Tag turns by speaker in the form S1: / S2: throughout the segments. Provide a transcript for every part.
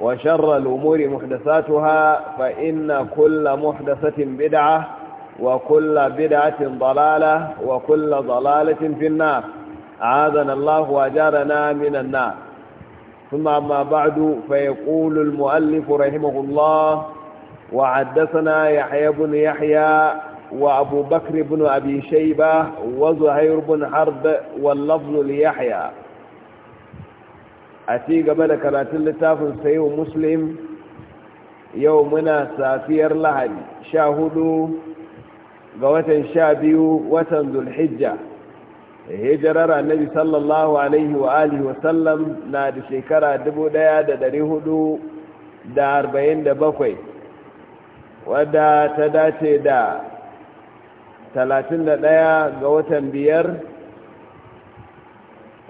S1: وشر الأمور محدثاتها فإن كل محدثة بدعة وكل بدعة ضلالة وكل ضلالة في النار عاذنا الله وأجارنا من النار ثم أما بعد فيقول المؤلف رحمه الله وعدثنا يحيى بن يحيى وأبو بكر بن أبي شيبة وزهير بن حرب واللفظ ليحيى a ci gaba da karatun littafin sayo muslim yau muna safiyar lahadi sha hudu ga watan sha biyu watan zulhijja hijirar annabi sallallahu alaihi wa alihi wasallam na da shekara bakwai, wadda ta dace da 31 ga watan biyar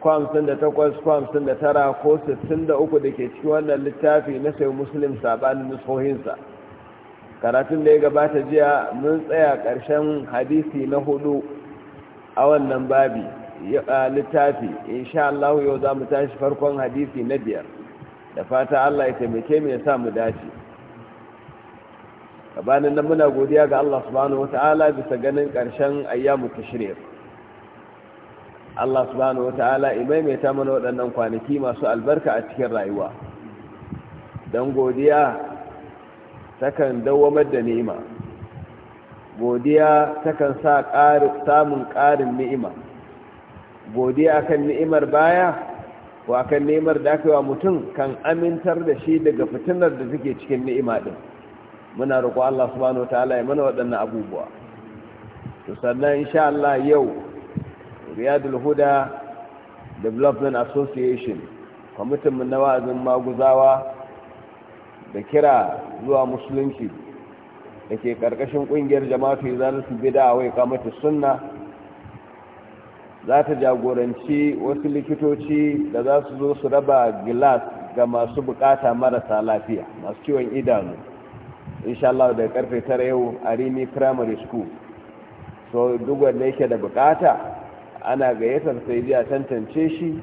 S1: ko da takwas ko da tara ko sittin da uku da ke ciki wannan littafi na sai muslim sabanin nusohinsa karatun da ya gabata jiya mun tsaya ƙarshen hadisi na hudu a wannan babi littafi insha Allah yau za mu tashi farkon hadisi na biyar da fata Allah ya taimake mu ya sa mu dace gabanin nan muna godiya ga Allah subhanahu wataala bisa ganin ƙarshen ayyamu tashrir Allah subhanahu mai imaimaita mana waɗannan kwanaki masu albarka a cikin rayuwa don godiya takan dawamar da ni'ima godiya takan sa samun ƙarin ni'ima godiya akan ni'imar baya wa kan ni'imar da aka yi wa mutum kan amintar da shi daga fitinar da suke cikin ni'ima ɗin muna roƙo Allah subhanahu ta'ala ya mana waɗannan abubuwa sannan insha Allah yau riyadul huda development association kwamitinmu na wa'azin maguzawa da kira zuwa musulunci da ke ƙarƙashin ƙungiyar jama'atu su bida a wai kamata sunna za ta jagoranci wasu likitoci da za su zo su raba gilas ga masu bukata marasa lafiya masu ciwon idanu insha Allah da karfe tara yau a rini primary school so duk wanda yake da bukata ana gayyatar sai biya tantance shi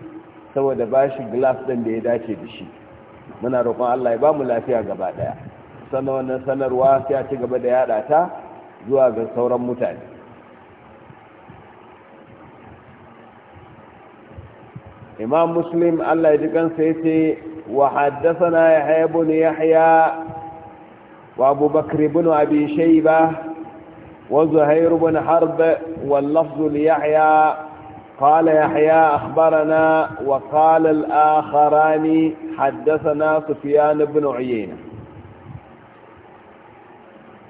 S1: saboda ba shi glass ɗin da ya dace da shi muna roƙon Allah ya ba mu lafiya gaba ɗaya sannan wannan sanarwa sai a ci gaba da yaɗa ta zuwa ga sauran mutane imam muslim Allah ya ji kansa ya ce wa haddasana ya haibu ne ya wa abubakar ibn abi shaiba wa zuhair ibn harb wal lafzul yahya قال يحيى أخبرنا وقال الآخران حدثنا سفيان بن عيينة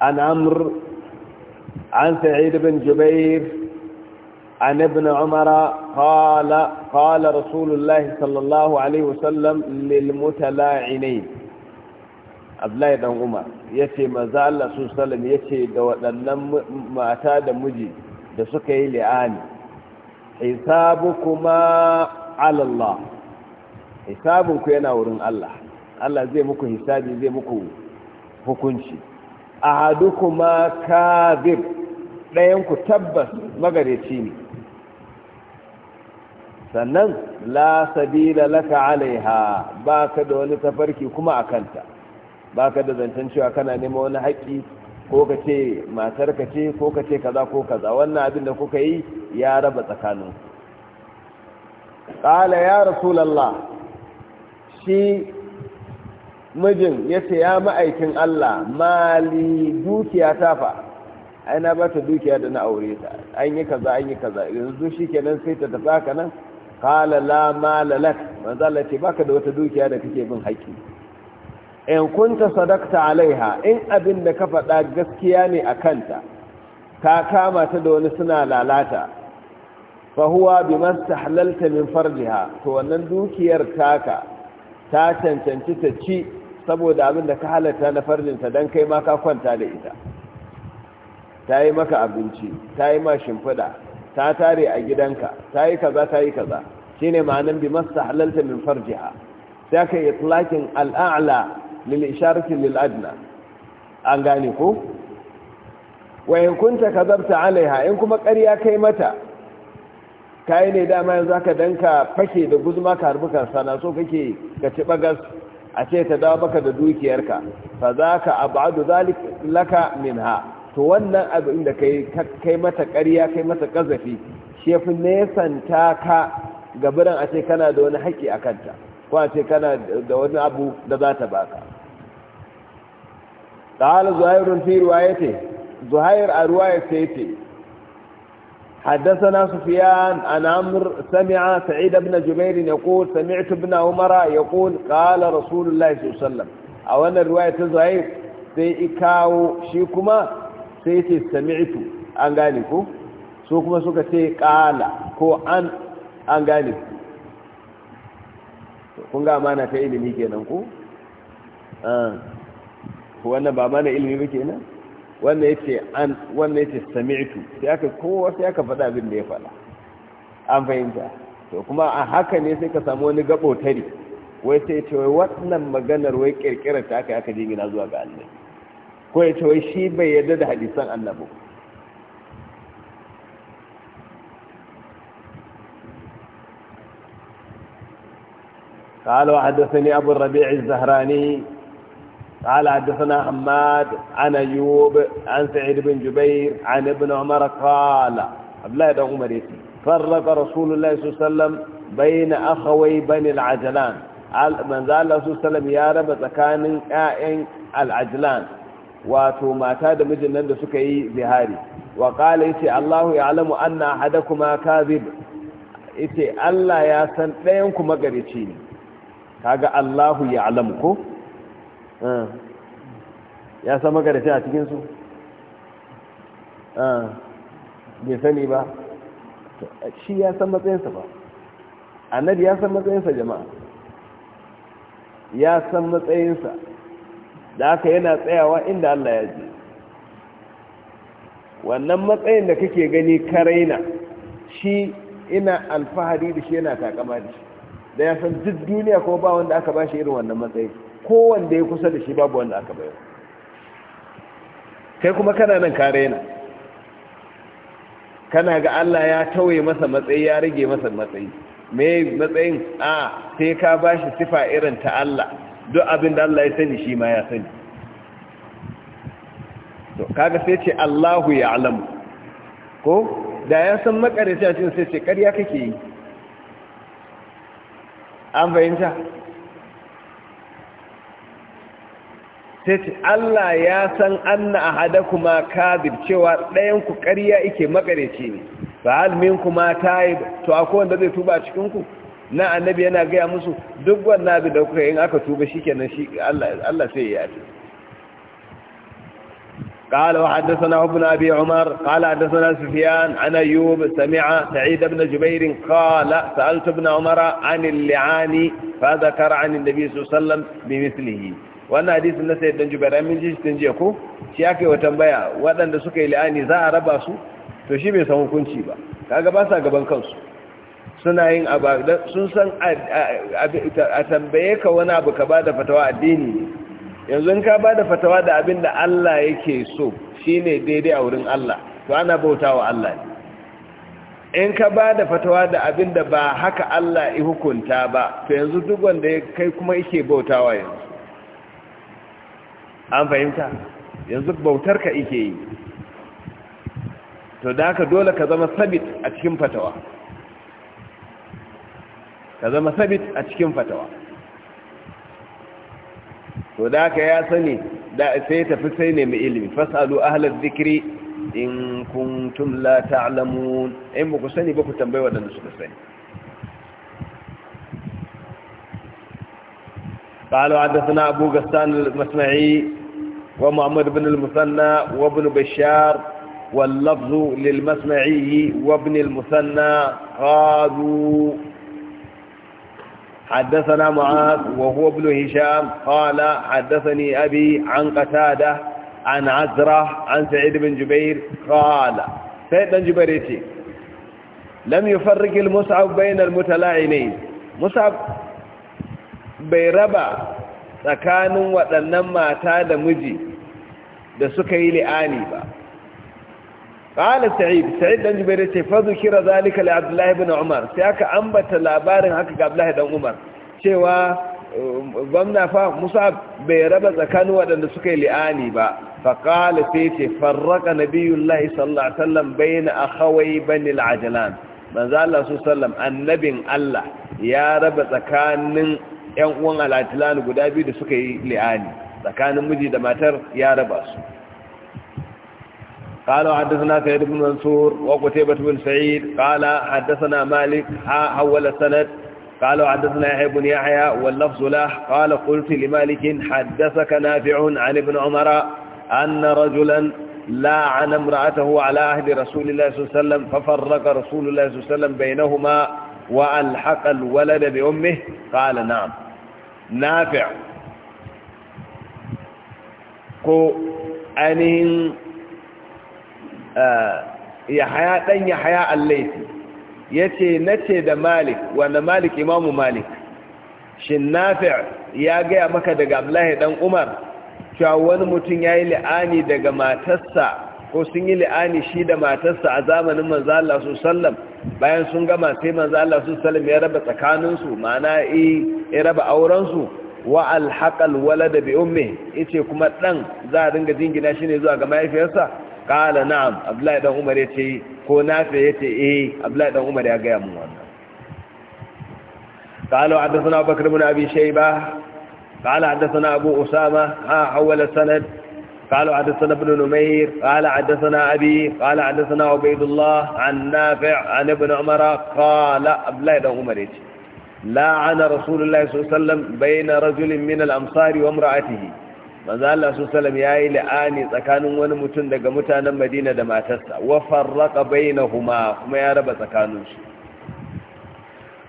S1: عن عمرو عن سعيد بن جبير عن ابن عمر قال قال رسول الله صلى الله عليه وسلم للمتلاعنين Abdullahi dan Umar yace manzo Allah sallallahu alaihi wasallam yace da waɗannan mata da miji دسكي suka hisabukuma ala Allah hisabunku yana wurin Allah Allah zai muku hisabi zai muku hukunci ahadukuma kadhib dayan ku tabbas magareci ne sannan la sabila laka alaiha baka da wani tafarki kuma akanta baka da zancen cewa kana neman wani haƙi ko ka ce matar ka ce ko ka ce kaza ko kaza wannan abin da kuka yi ya raba tsakanin ƙala ya rasulallah shi mijin ya ce ya ma'aikin Allah mali dukiya ta fa ai na bata dukiya da na aure ta an yi kaza an yi kaza yanzu shi kenan sai ta tafi haka nan ƙala la malalak lak ce baka da wata dukiya da kake bin haƙƙi in kunta sadakta alaiha in abin da ka faɗa gaskiya ne a kanta ka kama ta da wani suna lalata fahuwa bi masu halalta min farjiha to wannan dukiyar taka ta cancanci ta ci saboda abin da ka halatta na farjinta don kai ma ka kwanta da ita ta yi maka abinci ta yi ma shimfiɗa ta tare a gidanka ta yi kaza ta yi kaza shine ma'anan bi masu halalta min farjiha sai ka yi al'a'la lil isharati lil adna an gane ko wa in kunta kadabta alaiha in kuma ƙarya kai mata kai ne dama yanzu aka danka fake da guzma ka harbi sana so kake ka ci bagas a ce ta dawo baka da dukiyarka fa zaka abadu zalik laka minha to wannan abu inda kai kai mata ƙarya kai mata kazafi shi yafi nesanta ka gaburan a ce kana da wani haƙi a kanta ko a ce kana da wani abu da za ta baka قال زهير في روايته زهير na سيتي حدثنا سفيان عن عمرو سمع سعيد بن جبير يقول سمعت ابن عمر يقول قال رسول الله صلى الله عليه وسلم a wannan ruwaya ta zahir sai ikawo shi kuma sai ce an gane ku su kuma suka ce kala ko an an ta ilimi kenan ku wannan ba mana ilimi ba kenan wannan yace an wannan yace sami'tu sai aka kowa sai aka faɗa abin da ya faɗa an fahimta to kuma a haka ne sai ka samu wani gabo tare wai sai ce wai wannan maganar wai kirkirar ta aka aka jingina zuwa ga annabi ko ya ce wai shi bai yarda da hadisan annabi قال وحدثني أبو الربيع الزهراني قال حدثنا حماد عن ايوب عن سعيد بن جبير عن ابن عمر قال عبد الله بن عمر فرق رسول الله صلى الله عليه وسلم بين اخوي بني العجلان من ذا الله صلى الله عليه وسلم يا رب تكان ائن العجلان wato mata da mijin nan da suka yi zihari wa kala yace Allahu ya'lamu anna ahadakuma kadhib yace Allah ya san ɗayan ku magarici ne kaga Allahu ya'lamu ko Ah. ya san shi a cikinsu ah. bai sani ba shi ya san matsayinsa ba annabi ya san matsayinsa jama'a ya san matsayinsa da aka yana tsayawa inda Allah ya ji wannan matsayin da kake gani karaina shi ina alfahari da shi yana takama da shi da ya san duk duniya ko ba wanda aka ba shi irin wannan matsayin kowanne ya kusa da shi babu wanda aka bayar kai kuma kana nan ka na kana ga Allah ya tauye masa matsayi ya rage masa matsayi me matsayin a sai ka bashi sifa irin ta Allah duk abin da Allah ya sani shi ma ya sani to kaga sai ce Allahu ya ko da ya san makarita cin sai ce ƙarya kake yi an fahimta sai ce Allah ya san anna ahadakuma kadhib cewa ɗayan ku ƙarya yake makareci ne halmin kuma minkuma taib to akwai wanda zai tuba cikin ku na annabi yana gaya musu duk wannan abin da kuka yin aka tuba shikenan shi Allah sai ya yi قال وحدثنا ابن أبي عمر قال حدثنا سفيان عن أيوب سمع سعيد بن جبير قال سألت ابن عمر عن اللعان فذكر عن النبي صلى الله عليه وسلم بمثله wannan hadisin na sayyid dan jubair amin ji tun jiya ko shi aka yi wa tambaya waɗanda suka yi la'ani za a raba su to shi bai san hukunci ba kaga ba sa gaban kansu suna yin abu sun san a tambaye ka wani abu ka bada fatawa addini ne yanzu in ka bada fatawa da abin da Allah yake so shine daidai a wurin Allah to ana bautawa Allah ne in ka bada fatawa da abin da ba haka Allah ya hukunta ba to yanzu duk wanda kai kuma yake bautawa yanzu an fahimta yanzu bautar ka ike yi to da dole ka zama sabit a cikin fatawa ka zama sabit a cikin fatawa to da ka ya sani da sai tafi sai ne mai ilimi fasalu ahlar zikiri in kuntum la ta'lamun in ba ku sani ba ku tambayi waɗanda suka sani قالوا حدثنا أبو غسان المسمعي ومحمد بن المثنى وابن بشار واللفظ للمسمعي وابن المثنى قالوا حدثنا معاذ وهو ابن هشام قال حدثني أبي عن قتادة عن عزرة عن سعيد بن جبير قال سعيد بن جبير لم يفرق المصعب بين المتلاعنين مصعب bai raba tsakanin waɗannan mata da miji da suka yi li'ani ba ƙala sa'id sa'id ɗan jibai ce fazu kira zalika li abdullahi bin umar sai aka ambata labarin haka ga abdullahi dan umar cewa um, gwamna fa musa bai raba tsakanin waɗanda suka yi li'ani ba faƙala sai ce farraka nabiyullahi sallallahu alaihi wasallam bai na a al bane manzo Allah sallallahu alaihi wasallam annabin Allah ya raba tsakanin yan uwan alatilani guda biyu da suka yi li'ani tsakanin miji da matar ya raba su قالوا حدثنا سيد بن منصور وقتيبة بن سعيد قال حدثنا مالك ها حول السند قالوا حدثنا يحيى بن يحيى واللفظ له قال قلت لمالك حدثك نافع عن ابن عمر أن رجلا لاعن امرأته على عهد رسول الله صلى الله عليه وسلم ففرق رسول الله صلى الله عليه وسلم بينهما وألحق الولد بأمه قال نعم nafi' ko ainihin eh, yahaya dan yahaya ya ce yace nace da malik wanda malik imamu malik shin nafi' ya gaya maka daga abdullahi Ɗan umar cewa wani mutum yayi la'ani daga matarsa ko sun yi li'ani shi da matarsa a zamanin manzo Allah su sallam bayan sun gama sai manzo Allah su sallam ya raba tsakaninsu ma'ana ya raba aurensu wa alhaqal walada bi ummi yace kuma dan za a dinga jingina shi ne zuwa ga mahaifiyarsa qala na'am abdullahi dan umar yace ko nafi yace eh abdullahi dan umar ya ga ya mun wannan قالوا حدثنا بكر بن ابي شيبه قال حدثنا ابو اسامه ها حول السند قالوا حدثنا ابن نمير قال حدثنا أبي قال حدثنا عبيد الله عن نافع عن ابن عمر قال أبلا إذا عمر لعن رسول الله صلى الله عليه وسلم بين رجل من الأمصار وامرأته manzo Allah su sallam yayi la'ani tsakanin wani mutum daga mutanen Madina da matarsa wa farraqa bainahuma kuma ya raba tsakaninsu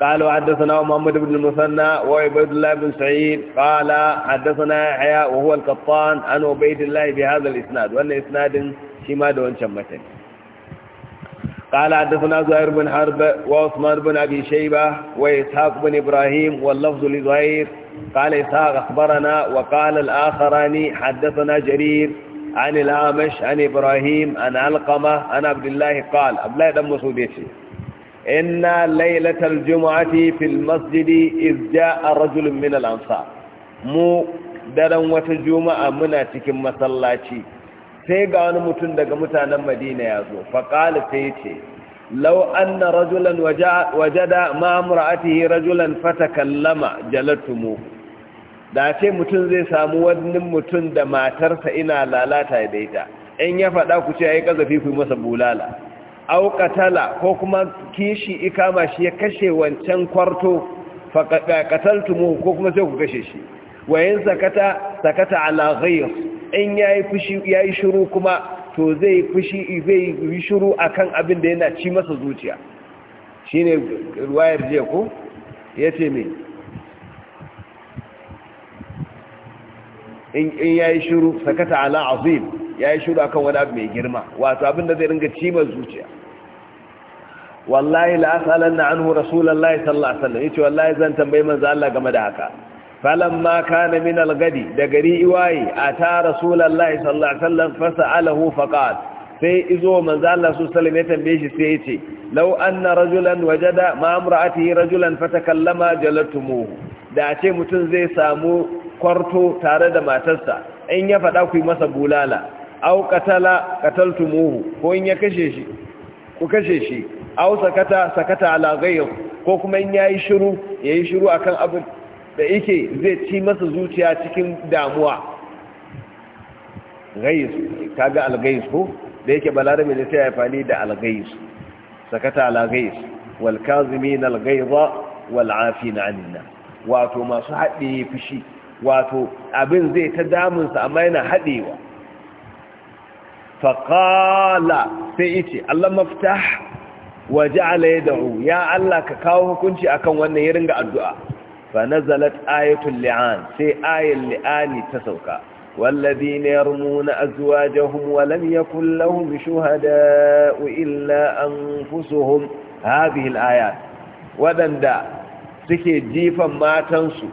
S1: قالوا حدثنا محمد بن المثنى وعبيد الله بن سعيد قال حدثنا يحيى وهو القطان عن عبيد الله بهذا الإسناد وأن إسناد شماد وانشمتين قال حدثنا زهير بن حرب وعثمان بن أبي شيبة وإسحاق بن إبراهيم واللفظ لزهير قال إسحاق أخبرنا وقال الآخران حدثنا جرير عن الامش عن إبراهيم عن علقمة عن عبد الله قال عبد الله دم مسوديتي inna lailatal jumu'ati fil masjidi iz ja'a rajulun min al ansar mu daren wata juma'a muna cikin masallaci sai ga wani mutum daga mutanen madina ya zo faƙali sai ce lau na rajulan wajada ma'amura atihi rajulan fata kallama jalattumu da ce mutum zai samu wani mutum da matarsa ina lalata da ita in ya faɗa ku ce ya yi ƙazafi ku masa bulala auƙatala ko kuma kishi ikama shi ya kashe wancan kwarto faƙataltumu ko kuma sai ku kashe shi wayan sakata sakata ala ghayr in yayi fushi yayi shiru kuma to zai fushi zai yi shiru akan abin da yana ci masa zuciya shine ruwayar je ku yace me in yayi shiru sakata ala azim ya yi shuru akan wani abu mai girma wato abin da zai ringa cimar zuciya wallahi la'asalan na anhu rasulallah sallallahu alaihi wasallam ce wallahi zan tambayi manzo Allah game da haka Falon falamma kana min al da gari iwaye a ata rasulallah sallallahu alaihi fasa Alahu faqala sai izo manzo Allah su sallame tambaye shi sai yace law anna rajulan wajada ma amraatihi rajulan fatakallama jalatumuhu da ce mutum zai samu kwarto tare da matarsa in ya fada ku masa bulala au katala kataltumuhu ko in ya kashe shi ku kashe shi au sakata sakata ala ghayr ko kuma in yayi shiru yayi shiru akan abin da yake zai ci masa zuciya cikin damuwa ghayr kaga al-ghayr ko da yake balarabe ne sai ya fani da al-ghayr sakata ala ghayr wal kazimin al-ghayza wal afin anna wato masu haɗe fushi wato abin zai ta damunsa amma yana haɗewa faƙala sai ice Allah mafita waje ji alayyadahu ya Allah ka kawo hukunci akan wannan yi ringa addu’a fa nazalat ayatul li'an sai ayin li'ani ta sauka wallazi ne na azuwa jahun walam ya kullahun shuhada illa an fusuhun haɗihin ayat waɗanda suke jifan matansu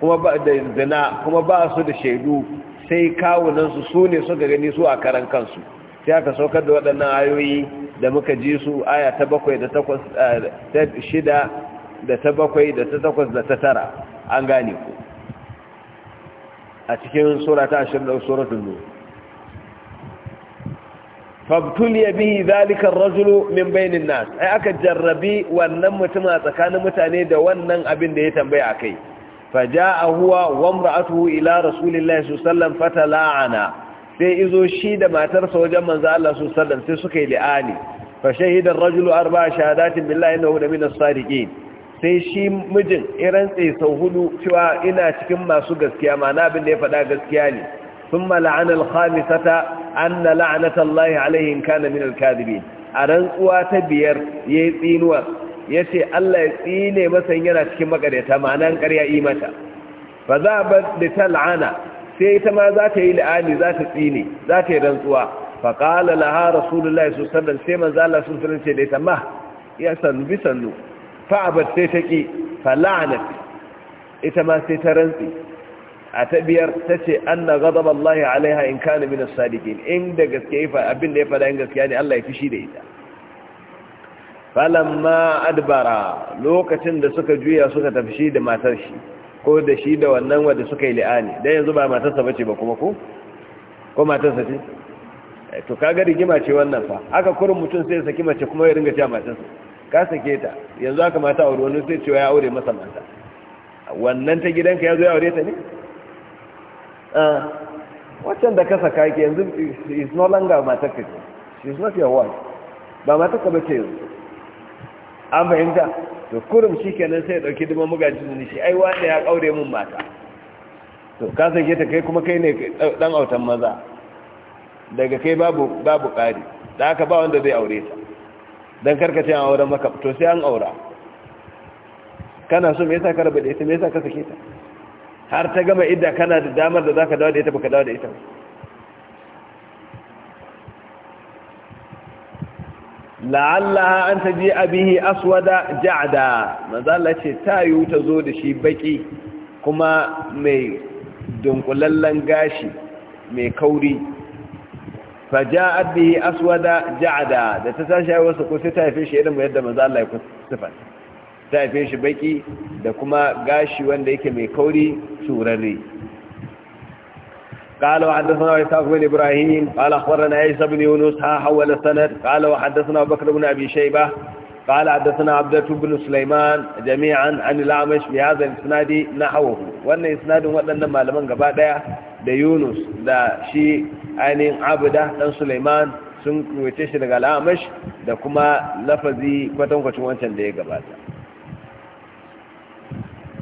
S1: da zina, kuma ba su da shaidu sai kawunansu su ne suka gani su a karan kansu sai aka saukar da waɗannan ayoyi da muka ji su aya ta bakwai da takwas eh, ta shida da ta bakwai da ta takwas da ta tara an gane ku a cikin sura ta ashirin da suratun nur fabtuliya bihi zalikan rajulu min bainin nas ai aka jarrabi wannan mutum a tsakanin mutane da wannan abin da ya tambaya a kai faja'a huwa wa imra'atuhu ila rasulillahi sallallahu alaihi wasallam fatala'ana sai izo shi da matarsa wajen manzo Allah sallallahu alaihi wasallam sai suka yi li'ani fa shahida ar-rajulu arba'a shahadatin billahi innahu min as-sadiqin sai shi mijin irin tsaye sau hudu cewa ina cikin masu gaskiya mana abin da ya faɗa gaskiya ne sun mala'an alhamisata an na la'anatallahi alaihin kana min alkadibi a rantsuwa ta biyar ya yi ya ce Allah ya tsine masa yana cikin makaryata ma'anan karya yi mata ba za a da ta la'ana sai ita ma za ta yi la'ani za ta tsine za ta yi rantsuwa fa qala laha rasulullahi sallallahu alaihi wasallam sai manzo Allah sun sanin ce da ita ma ya sanu bi sannu fa abat sai ta ki fa la'anat ita ma sai ta rantsi a ta biyar ta ce anna ghadaballahi alaiha in kana min as-sadiqin in da gaskiya abin da ya fada in gaskiya ne Allah ya fishi da ita falamma adbara lokacin da suka juya suka tafi shi da matar shi ko da shi da wannan wadda suka yi li'ani dan yanzu ba matarsa bace ba kuma ko ko matarsa ce eh, to kaga rigima ce wannan fa aka kurin mutum sai ya saki mace kuma ya ringa cewa matarsa ka sake ta yanzu aka mata aure wani sai cewa ya aure masa mata wannan ta gidanka ya zo ya aure ta ne ah, waccan da ka saka ki yanzu is no longer matarka ce she is not your wife ba matarka bace yanzu an fahimta to kurum shi kenan sai ya duma mugaji ne shi ai wanda ya kaure mun mata to ka sake ta kai kuma kai ne dan autan maza daga kai babu babu kari da haka ba wanda zai aure ta karka karkace an aure maka to sai an aura kana so me yasa ka rabu da ita me yasa ka sake ta har ta gama idda kana da damar da zaka dawo da ita baka dawo da ita ba la'allaha an taji abihi aswada ja'da mazalla ce ce yi ta zo da shi baki kuma mai dunkulallen gashi mai kauri Fa ja'a bihi aswada ja'da da ta tashi wasu ko sai ta haife shi irin yadda mazalla Allah ya sifa ta haife shi baki da kuma gashi wanda yake mai kauri turare قال وحدثنا عيسى بن إبراهيم قال أخبرنا عيسى بن يونس ها حول السند قال وحدثنا بكر بن أبي شيبة قال حدثنا عبدة بن سليمان جميعا عن الأعمش بهذا الإسناد نحوه وأن إسناد وأن ما لمن قبادة da Yunus da shi ainihin Abda dan Sulaiman sun kuwace shi daga Al-Amash da kuma lafazi kwatankwacin wancan da ya gabata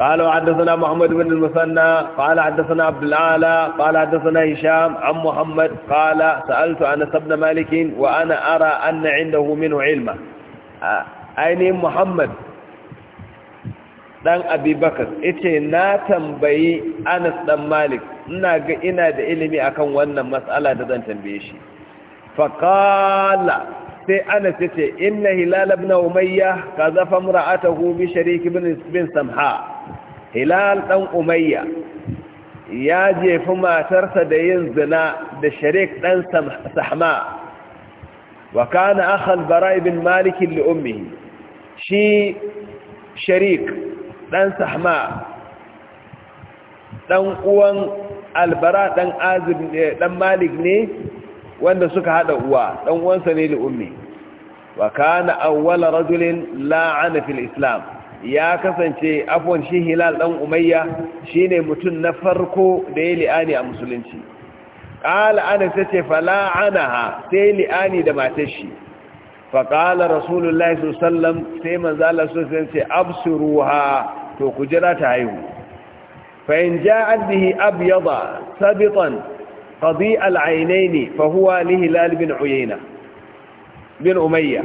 S1: قال وحدثنا محمد بن المثنى قال حدثنا عبد الأعلى قال حدثنا هشام عن محمد قال سألت أنس بن مالك وأنا أرى أن عنده منه علمه أين محمد dan abi bakar na tambayi anas dan malik ina ga ina da ilimi akan wannan matsala da zan tambaye shi faƙala sai anas ya ce inna hilal ibn umayya kazafa ra'ata, bi sharik ibn samha hilal ɗan umayya ya jefi matarsa da yin zina da sharik ɗan sahma wa kana akhal bara malikin li'ummihi shi sharik ɗan sahma ɗan uwan albara ɗan malik ne wanda suka haɗa uwa ɗan uwansa ne li'ummi wa kana awwala rajulin la'ana fil islam ya kasance afwan shi hilal dan umayya shine mutum na farko da ya li'ani a musulunci qala ana tace fala anaha sai li'ani da matar shi fa qala rasulullahi sallallahu sai manzo Allah sallallahu ce absuruha to ku jira ta haihu fa in ja'at bihi abyada sabitan qadi al-aynayn fa huwa li hilal bin bin umayya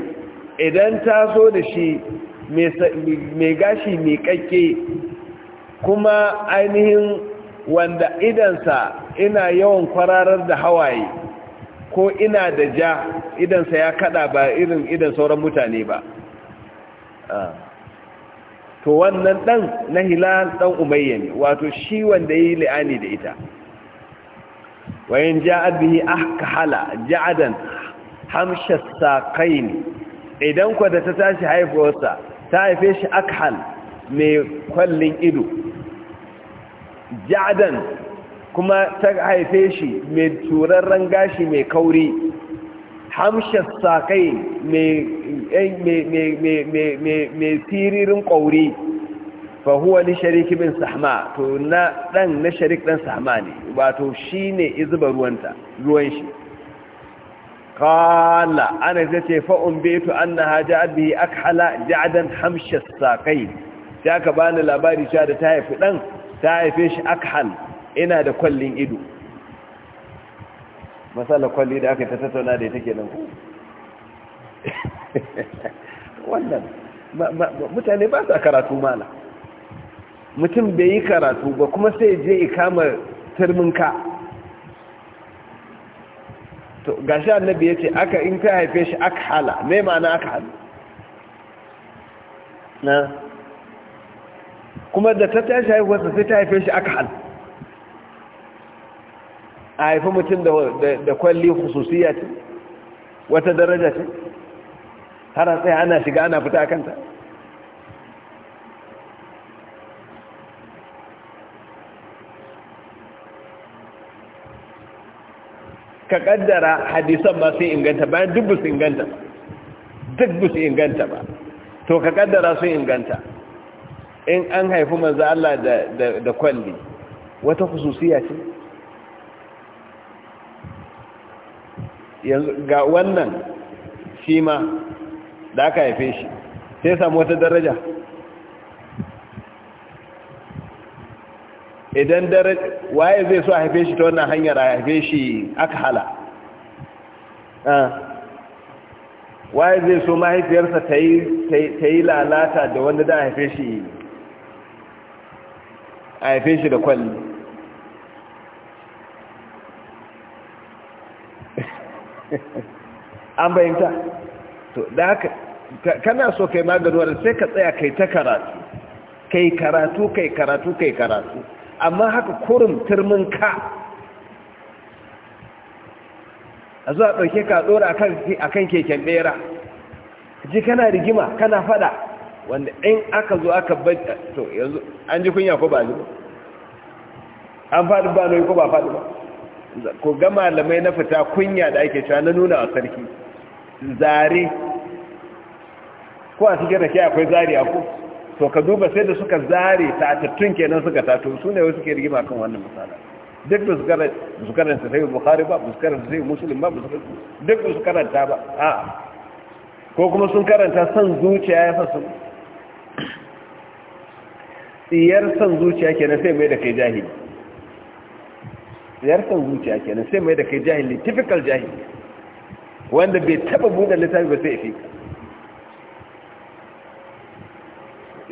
S1: idan ta so da shi mai gashi mai kakke kuma ainihin wanda idansa ina yawan kwararar da hawaye ko ina da ja idansa ya kada ba irin idan sauran mutane ba ah. to wannan dan na hilal dan umayya ne wato shi wanda yi la'ani da ita wayan ja'a bihi ahkahala ja'adan hamsha saqain idan ku da ta tashi haifuwarsa ta haife shi akhal mai kwallin ido ja'dan kuma ta haife shi mai turarren gashi mai kauri hamshar sakai mai tiririn eh, ƙauri fahuwa ni shariki bin sahma to na ɗan na sharik ɗan sahma ne wato shi ne izuba ruwan shi qala ana zace fa umbitu annaha ja'at bihi akhala ja'dan hamsha saqai sai aka bani labari cewa da ta haifi dan ta haife shi akhal ina da kwallin ido masala kwalli da aka tattauna da ita kenan ku wannan mutane ba su karatu mala mutum bai yi karatu ba kuma sai je ikama turminka to gashi annabi yace aka in ka haife shi aka hala me ma'ana aka hala na kuma da ta tashi haihuwarsa sai ta haife shi aka hala a haifi mutum da kwalli hususiya wata daraja ce har a tsaye ana shiga ana fita kanta ka kaddara hadisan ba sun inganta bayan duk su inganta duk su inganta ba to ka kaddara sun inganta in an haifi manzo Allah da da kwalli wata khususiya ce yanzu ga wannan shi ma da aka haife shi sai samu wata daraja idan dare waye zai so a haife shi ta wannan hanyar a haife shi aka hala ah. waye zai so mahaifiyarsa ta yi lalata da wanda da haife shi a haife shi da kwalli an bayanta to da haka kana so kai maganuwar sai ka tsaya kai ta karatu kai karatu kai karatu kai karatu amma haka kurin turmin ka a zuwa ɗauke ka ɗora a kan keken ɓera ji kana rigima kana fada wanda in aka zo aka bada to yanzu an ji kunya ko ba ji an faɗi ba noyi ko ba faɗi ba ko ga malamai na fita kunya da ake cewa na nuna a sarki zare ko a cikin rake akwai zari a ko to ka duba sai da suka zare ta tattun kenan suka tato su ne wasu suke rigima kan wannan misala duk da su karanta sai bukhari ba su karanta sai muslim ba duk da su karanta ba a ko kuma sun karanta san zuciya ya fasu tsiyar san zuciya kenan sai mai da kai jahili tsiyar san zuciya kenan sai mai da kai jahili typical jahili wanda bai taba buɗe littafi ba sai ya fika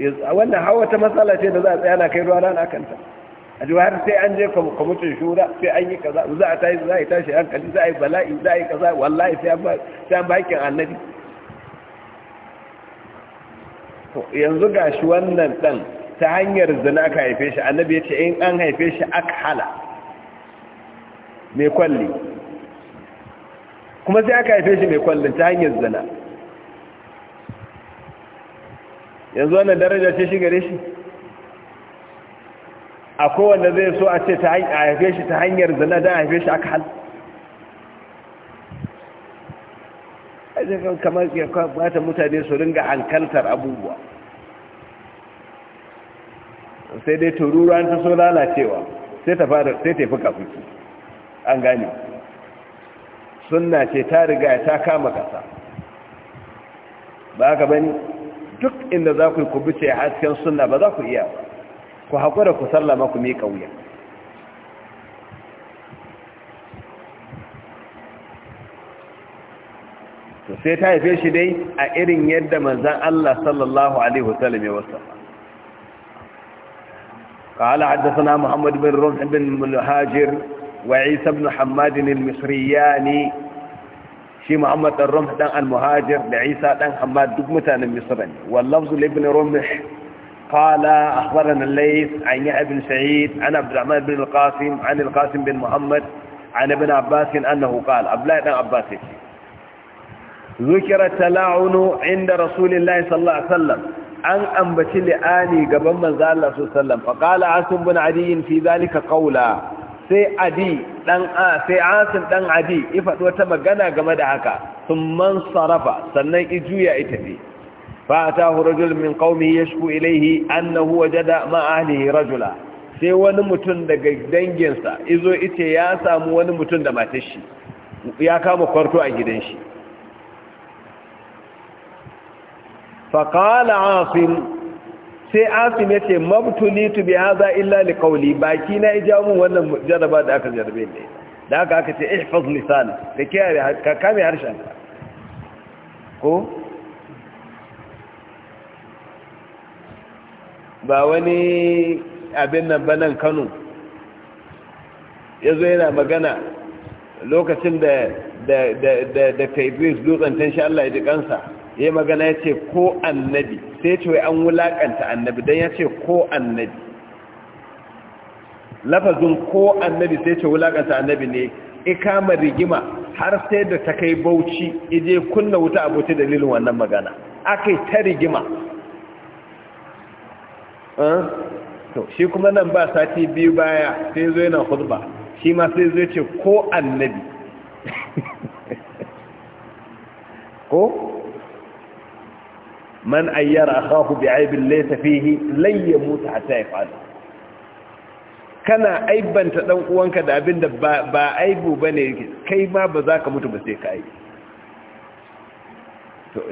S1: wannan hawa ta matsala ce da za a tsaya na kai ruwa na kanta a ji har sai an je kwamitin shura sai an yi kaza za a tashi za a yi tashi hankali za a yi bala'i za a yi kaza wallahi sai an bakin annabi yanzu ga shi wannan ɗan ta hanyar zina aka haife shi annabi ya ce in an haife shi aka hala mai kwalli kuma sai aka haife shi mai kwallin ta hanyar zina yanzu wannan daraja ce shi gare shi a kowanne zai so a ce a haife shi ta hanyar zana don haife shi aka hal ajiyar kamar ya kwata mutane su ringa hankaltar abubuwa sai dai an ta so lalacewa sai ta fara sai ta fi kafuki an gane sunna ce ta riga ta kama kasa ba haka bane duk inda za ku yi ku bice hasken sunna ba za ku iya ku haƙura ku sallama ku miƙa wuya sai ta haife shi dai a irin yadda manzan Allah sallallahu alaihi wasallam ya wasa قال حدثنا محمد بن رمح بن مهاجر وعيسى بن حماد المصرياني shi muhammad dan rumh dan al da isa dan amma duk mutane misr ne wallahu ibn rumh qala akhbarana al-lays an ya'ib al-sa'id an abdurrahman ibn al-qasim an al bin muhammad an abbas annahu qala abdullah dan abbas yace zikra tala'unu inda rasulillahi sallallahu alaihi wasallam an ambaci li'ani gaban manzo allah sallallahu alaihi wasallam faqala asim bin adi fi dhalika qawla sai adi dan a sai asin dan adi ya faɗi wata magana game da haka sun man sarafa sannan i juya ita fi fa atahu rajul min qaumi yashku ilayhi annahu wajada ma ahlihi rajula sai wani mutum daga danginsa izo ice ya samu wani mutum da matar shi ya kama kwarto a gidan shi fa qala asim sai asim ya ce tu bi haza illa li qawli baki na ija mun wannan jaraba da aka jarabe ne da haka aka ce ihfaz lisan ka kiyaye ka kame harshen ko ba wani abin nan banan Kano yazo yana magana lokacin da da da da Fabrice Dutsen Allah ya ji kansa ya magana ya ce ko annabi sai ce wai an wulaƙanta annabi don ya ce ko annabi lafazin ko annabi sai ce wulaƙanta annabi ne ikama rigima har sai da ta kai bauchi ije kunna wuta abota dalilin wannan magana aka ta rigima shi kuma nan ba sati biyu baya sai zo yana hudba shi ma sai zo ce ko annabi ko man ayyara akahu bi aibin laysa fihi lan yamut hatta yaf'al kana aibanta ɗan uwanka da abin da ba aibu bane kai ma ba za ka mutu ba sai ka aibi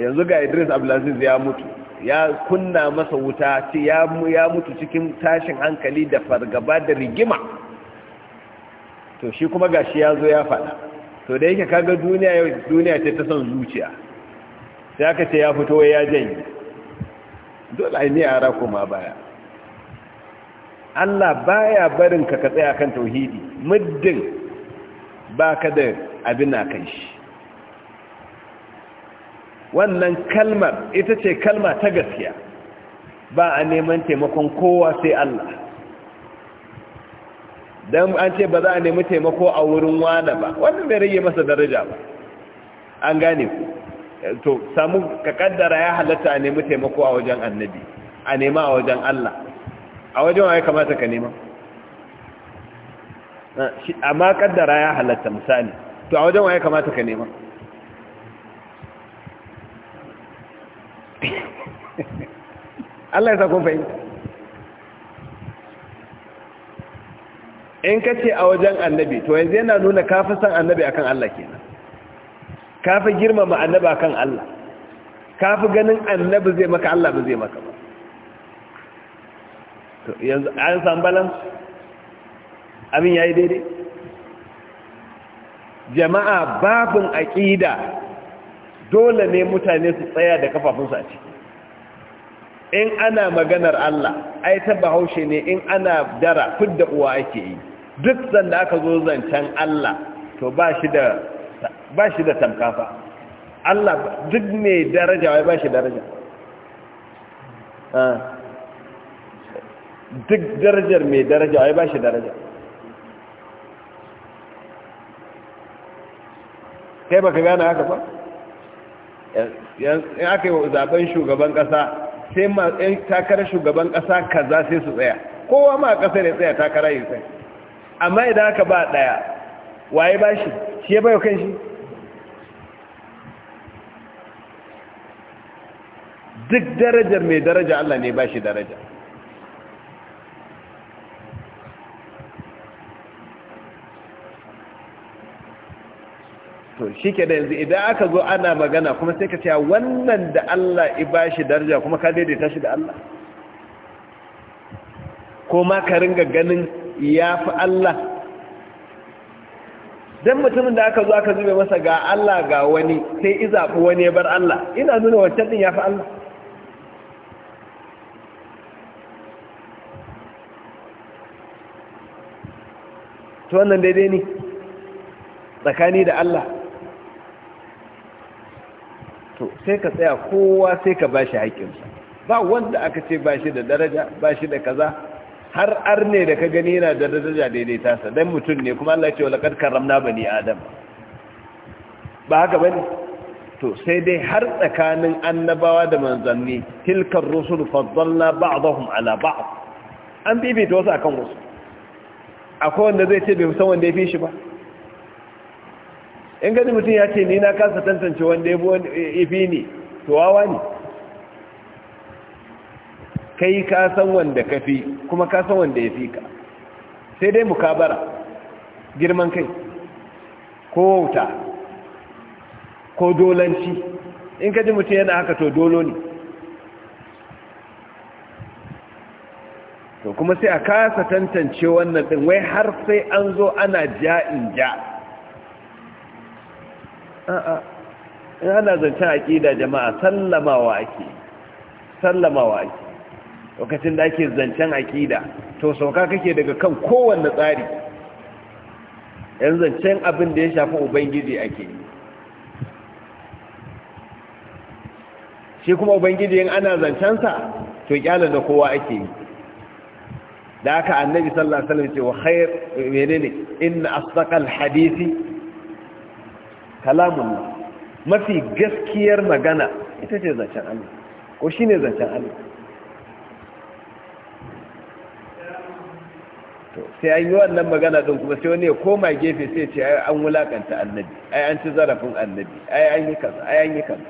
S1: yanzu ga Idris Abdulaziz ya mutu ya kunna masa wuta ce ya mutu cikin tashin hankali da fargaba da rigima to shi kuma gashi ya zo ya faɗa to da yake ka kaga duniya duniya ce ta son zuciya sai aka ce ya fito ya janye dole ai ne yara kuma baya Allah baya barin ka ka tsaya kan tauhidi muddin baka da abin na kan shi wannan kalmar ita ce kalma ta gaskiya ba a neman taimakon kowa sai Allah don an ce ba za a nemi taimako a wurin wane ba wannan bai rage masa daraja ba an gane ku to samu ka kaddara ya halatta a nemi taimako a wajen annabi a nema a wajen Allah a wajen waye kamata ka nema ah, amma kaddara ya halatta misali to a wajen waye kamata ka nema Allah ya sa kun fahimta in ka ce a wajen annabi to yanzu yana nuna kafin san annabi akan Allah kenan ka fi girmama annaba kan Allah ka fi ganin annabi zai maka Allah ba zai maka ba yanzu an san balan abin ya yi daidai jama'a babin ƙida dole ne mutane su tsaya da kafafunsu a ciki in ana maganar Allah ai ta bahaushe ne in ana dara fidda uwa ake yi duk sanda aka zo zancen Allah to ba shi da ba shi da tamkafa Allah duk mai daraja wai ba shi daraja ah. duk darajar mai daraja wai ba shi daraja kai ka gane haka ba yan aka yi zaben shugaban kasa sai ma takarar shugaban kasa kaza sai su tsaya kowa ma kasa ne tsaya takara yi sai amma idan aka ba daya waye ba shi shi ya bayo shi duk darajar mai daraja Allah ne ba shi daraja to shi ke da yanzu idan aka zo ana magana kuma sai ka cewa wannan da Allah iba shi daraja kuma ka daidaita shi da Allah ko ma ka ringa ganin ya fi Allah dan mutumin da aka zo aka zube masa ga Allah ga wani sai izabu wani ya bar Allah ina nuna wancan din yafi Allah to wannan daidai ne tsakani da Allah to sai ka tsaya kowa sai ka bashi haƙƙinsa ba wanda aka ce bashi da daraja bashi da kaza har arne da ka gani yana da daraja daidai tasa dan mutum ne kuma Allah ya ce wa laqad karramna bani adam ba haka bane to sai dai har tsakanin annabawa da manzanni tilkar rusul faddalna ba'dahum ala ba'd an to wasu akan wasu akwai wanda zai ce bai san wanda ya fi shi ba in gani mutum ya ce ni na kasa tantance wanda ya fi ni to wawa ne kai ka san wanda ka fi kuma ka san wanda ya fi ka sai dai mukabara girman kai ko wauta ko dolanci in ka ji mutum yana haka to dolo ne to kuma sai a kasa tantance wannan din wai har sai an zo ana ja in ja a'a in ana zancen aƙida jama'a wa ake wa ake lokacin da ake zancen akida to sauka kake daga kan kowanne tsari yan zancen abin da ya shafi ubangiji ake yi shi kuma ubangiji yin ana zancensa to kyala da kowa ake yi da aka annabi sallallahu alaihi wasallam ce wa khair menene inna asdaqal hadisi kalamun mafi gaskiyar magana ita ce zancen Allah ko shine zancen Allah sai an yi wannan magana din kuma sai wani ya koma gefe sai ce ai an wulakanta annabi ai an ci zarafin annabi ai an yi kaza ai an yi kaza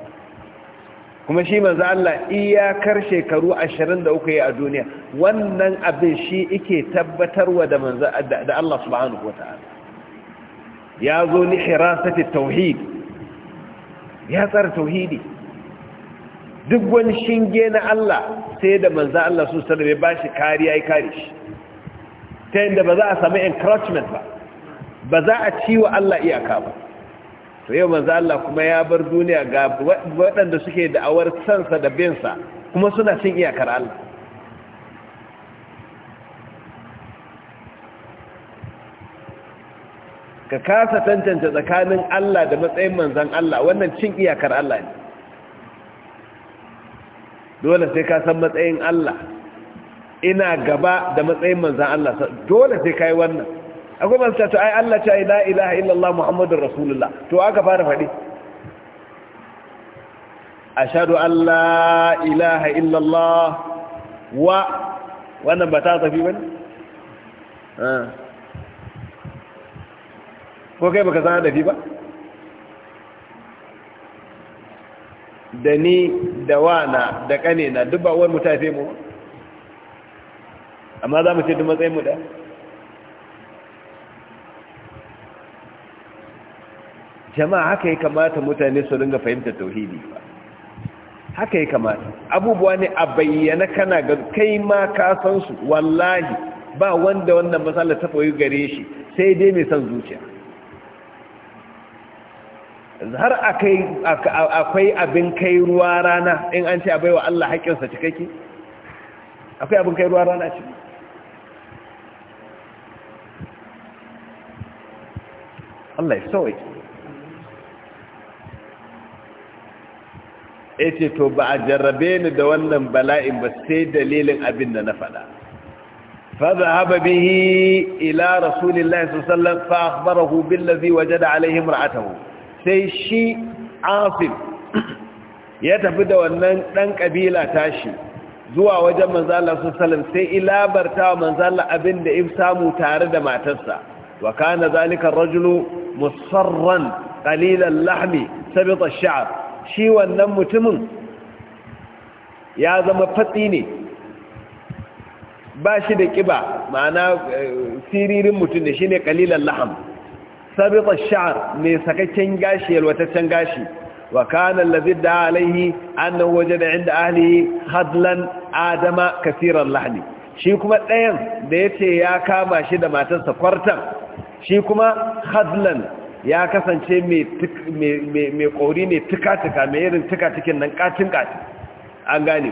S1: kuma shi manzo Allah iyakar shekaru 23 ya a duniya wannan abin shi yake tabbatarwa da manzo da Allah subhanahu wataala ya zo ni hirasati tauhid ya tsara tauhidi duk wani shinge na Allah sai da manzo Allah su sallallahu alaihi wasallam ya bashi kariya ya kare shi ta yadda ba za a sami encroachment ba ba za a ci wa Allah iyaka ba to yau manzo Allah kuma ya bar duniya ga waɗanda suke awar sansa da binsa kuma suna cin iyakar Allah ka kasa tantance tsakanin Allah da matsayin manzan Allah wannan cin iyakar Allah ne dole sai ka san matsayin Allah ina gaba da matsayin manzan Allah dole sai kai wannan akwai masu ta ai Allah ta la ilaha illallah muhammadur rasulullah to aka fara faɗi ashhadu an la ilaha illallah wa wannan ba ta tafi bane ko kai baka san fi ba da ni da wana da na. duk ba wai mutafe mu ba amma za mu ce duk matsayin mu da jama'a haka ya kamata mutane su ringa fahimtar tauhidi ba haka ya kamata abubuwa ne a bayyana kana ga kai ma ka san su wallahi ba wanda wannan matsala ta koyi gare shi sai dai mai san zuciya har akwai abin kai ruwa rana in an ce a baiwa Allah haƙƙinsa cikakke akwai abin kai ruwa rana cikakke Allah ya sauke yace to ba a jarrabe ni da wannan bala'in ba sai dalilin abin da na faɗa fa zahaba bihi ila rasulillahi sallallahu alaihi wasallam fa akhbarahu waje da alaihi imra'atahu sai shi asif ya tafi da wannan ɗan ƙabila tashi zuwa wajen Manzala Allah sallallahu alaihi wasallam sai ilabarta manzo Allah abin da samu tare da matarsa Wakana kana zalika rajulu musarran qalilan lahani sabita ash shi wannan mutumin ya zama fatsi ne ba shi da ƙiba ma'ana eh, siririn mutum ne shine qalilan laham sabita ash-sha'r ne sakakken gashi yalwataccen gashi وكان الذي ادعى عليه أنه وجد عند أهله خضلا آدم كثير اللحن shi kuma ɗayan da ya ce ya kama shi da matarsa kwartan shi kuma Hadlan ya kasance mai kori ne tuka-tuka mai irin tuka-tukin nan katin-katin an gane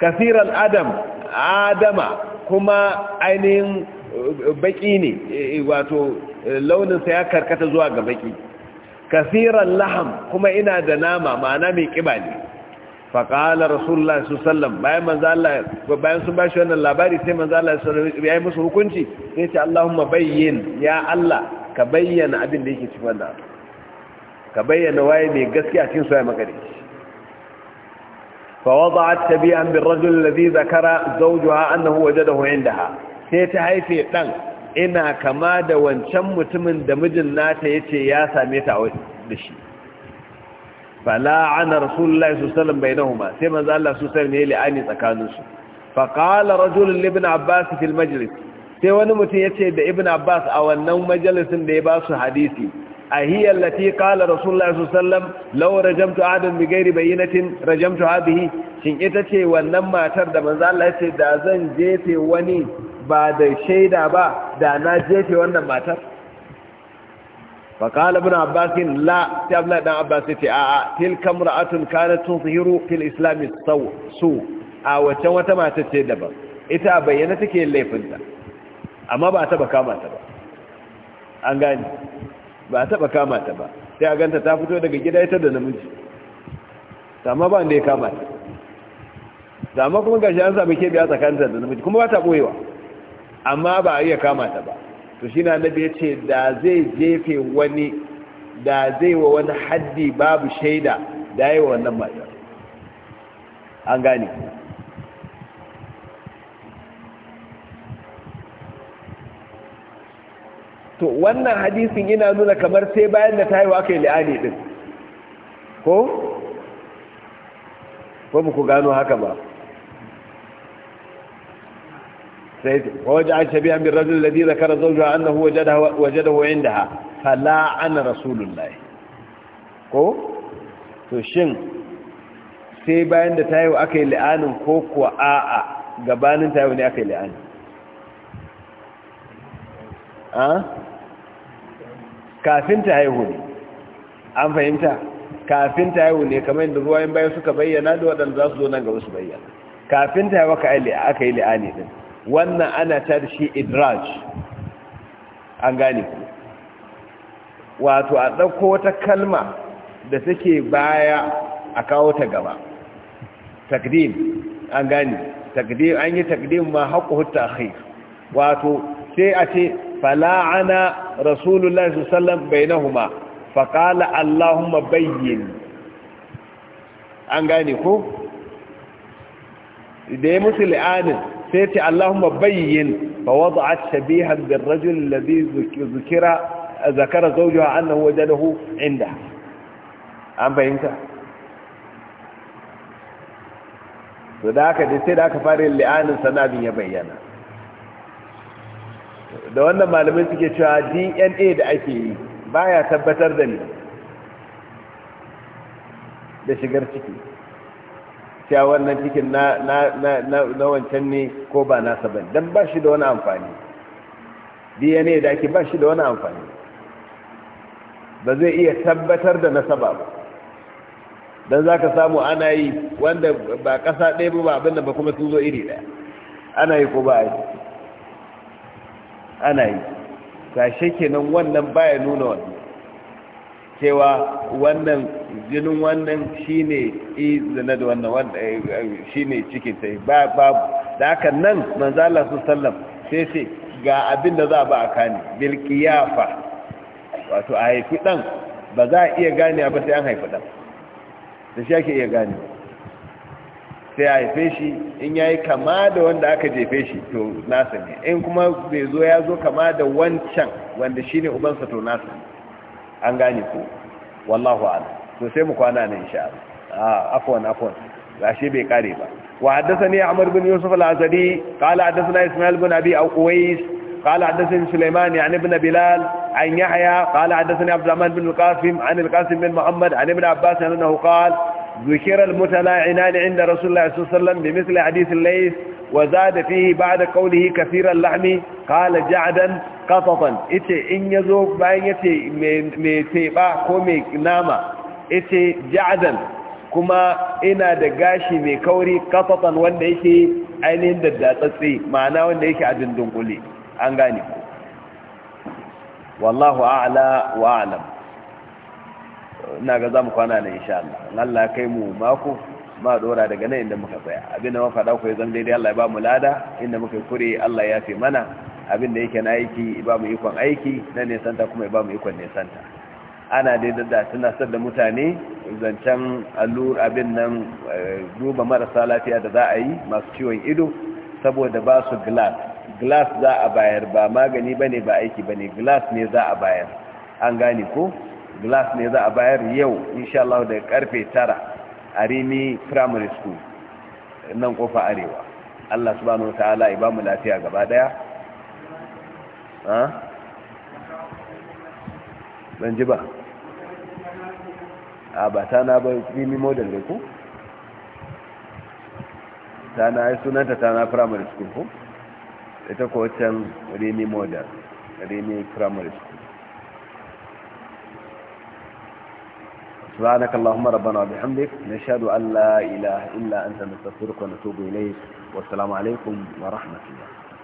S1: kasiran adam adama kuma ainihin eh, baki ne eh, wato eh, launinsa ya karkata zuwa ga baki kasiran laham kuma ina da nama ma'ana mai kiba ne faƙalar rasulullah su sallam bayan sun ba shi wannan labari sai manzo Allah ya yi musu hukunci sai ce Allahumma bayyin ya Allah ka bayyana abin da yake cikin wannan ka bayyana waye mai gaskiya cikin soyayya makare fa wada'at tabi'an bir rajul alladhi zakara zawjuha annahu da ha. sai ta haife ɗan ina kama da wancan mutumin da mijin nata ce ya same ta da shi fala ana rasulullahi sallallahu alaihi wasallam bainahuma sai manzo Allah su sai ne li'ani tsakanin su fa qala rajulun ibn abbas fil majlis sai wani mutum yace da ibn abbas a wannan majalisin da ya ba su hadisi ahiya allati qala rasulullahi sallallahu alaihi wasallam law rajamtu adan bi ghairi bayyinatin rajamtu hadhihi shin ita ce wannan matar da manzo Allah yace da zan jefe wani ba da shaida ba da na jefe wannan matar فقال ابن عباس لا تبلا ابن عباس تي ا تلك امراه كانت تظهر في الاسلام سوء سو ا وته وته ما تتي دبا ita bayyana take laifinta amma ba ta ba kama ba an gani ba ta ba kama ba sai a ganta ta fito daga gida ita da namiji amma ba inda ya kama ta amma kuma gashi an sami kebe a tsakanta da namiji kuma ba ta boyewa amma ba a iya kama ta ba to shi na nabi ya ce da zai jefe wani da zai wa wani haddi babu shaida da yi wa wannan matar an gane to wannan hadisin yana nuna kamar sai bayan da ta haiwa aka yi li'ani din ko? ko ku gano haka ba فوجع شبيها بالرجل الذي ذكر زوجها أنه وجده, وجده عندها فلعن رسول الله ko to shin sai bayan da tayo aka yi li'anin ko kuwa a'a gabanin tayo ne aka yi li'anin a kafin ta haihu ne an fahimta kafin ta haihu ne kamar yadda ruwayen bayan suka bayyana da waɗanda za su zo nan gaba su bayyana kafin ta haihu aka yi li'ani din wannan ana ta da shi idraj an gane wato a ɗauko wata kalma da take baya a kawo ta gaba takdim an gane takdim an yi takdim ma haƙo hutta akhir wato sai a ce fala'ana rasulullahi sallallahu bainahuma faqala allahumma bayyin an gane ko da ya musu li'anin sai ce Allahumma bayyin fa wada'at shabihan bir rajul alladhi zukira zakara zawjuha annahu wajadahu inda an bayyanta to da aka fara sai da aka fara li'anin ya bayyana da wannan malamai suke cewa DNA da ake yi baya tabbatar da ni da shigar ciki cewa wannan cikin na na wancan ne ko ba nasa ba dan ba shi da wani amfani DNA da ake ba shi da wani amfani ba zai iya tabbatar da nasaba ba dan zaka samu ana yi wanda ba kasa ɗaya ba abin abinda ba kuma sun zo iri ɗaya ana yi ko ba yi ana yi ta kenan wannan baya nuna wannan cewa wannan jinin wannan shi ne izina da wannan wanda eh, eh, ne cikin ta. ba babu da haka nan manzala Allah sallam sai sai ga abin da za ba a kani bilkiyafa. wato a haifi dan ba za a iya gane a sai an haifi dan da shi ake iya gane sai a haife shi in ya yi kama da wanda aka jefe shi to nasa ne in kuma bai zo ya zo kama da wancan wanda shi ne ubansa to nasa an gane ko wallahu a'lam to sai mu kwana nan insha Allah ah, afwan afwan gashi bai kare ba wa haddathani Amr bin Yusuf al-Azdi qala haddathana Ismail bin Abi Uwais qala haddathani Sulaiman yani ibn Bilal an Yahya qala haddathani Abd Rahman bin al-Qasim an al-Qasim bin Muhammad an Ibn Abbas annahu qala ذكر المتلاعنان عند رسول الله صلى الله عليه وسلم بمثل حديث الليث وزاد فيه بعد قوله كثير اللحم قال جعدا قططا ite in yazo bayan yace me teba ko me nama ita ja'dan kuma ina da gashi mai kauri kafafan wanda yake ainihin daddatsatse ma'ana wanda yake a dindin an gane ku wallahu a'la wa a'lam ina ga zamu kwana ne insha Allah Allah kai mu mako ma dora daga nan inda muka tsaya abinda muka faɗa ku zan daidai Allah ya ba mu lada inda muka kure Allah ya fi mana abinda yake na aiki ba mu ikon aiki na nesanta kuma ba mu ikon nesanta ana dai da sar da mutane zancen allur abin nan eh, duba marasa lafiya da za a yi masu ciwon ido saboda ba su glass glass za a bayar ba magani ba ne ba aiki ba ne glass ne za a bayar an gane ko glass ne za a bayar yau insha Allah da karfe tara a rimi primary school nan kofa arewa Allah subhanahu wa ta'ala ya ba mu lafiya gaba daya ban ji ba a ba ta na ba mimi model ne ku? ta na yi sunanta ta na primary school ku? ita ko can remi model remi primary school سبحانك اللهم ربنا وبحمدك نشهد أن لا إله إلا أنت نستغفرك ونتوب إليك والسلام عليكم ورحمة الله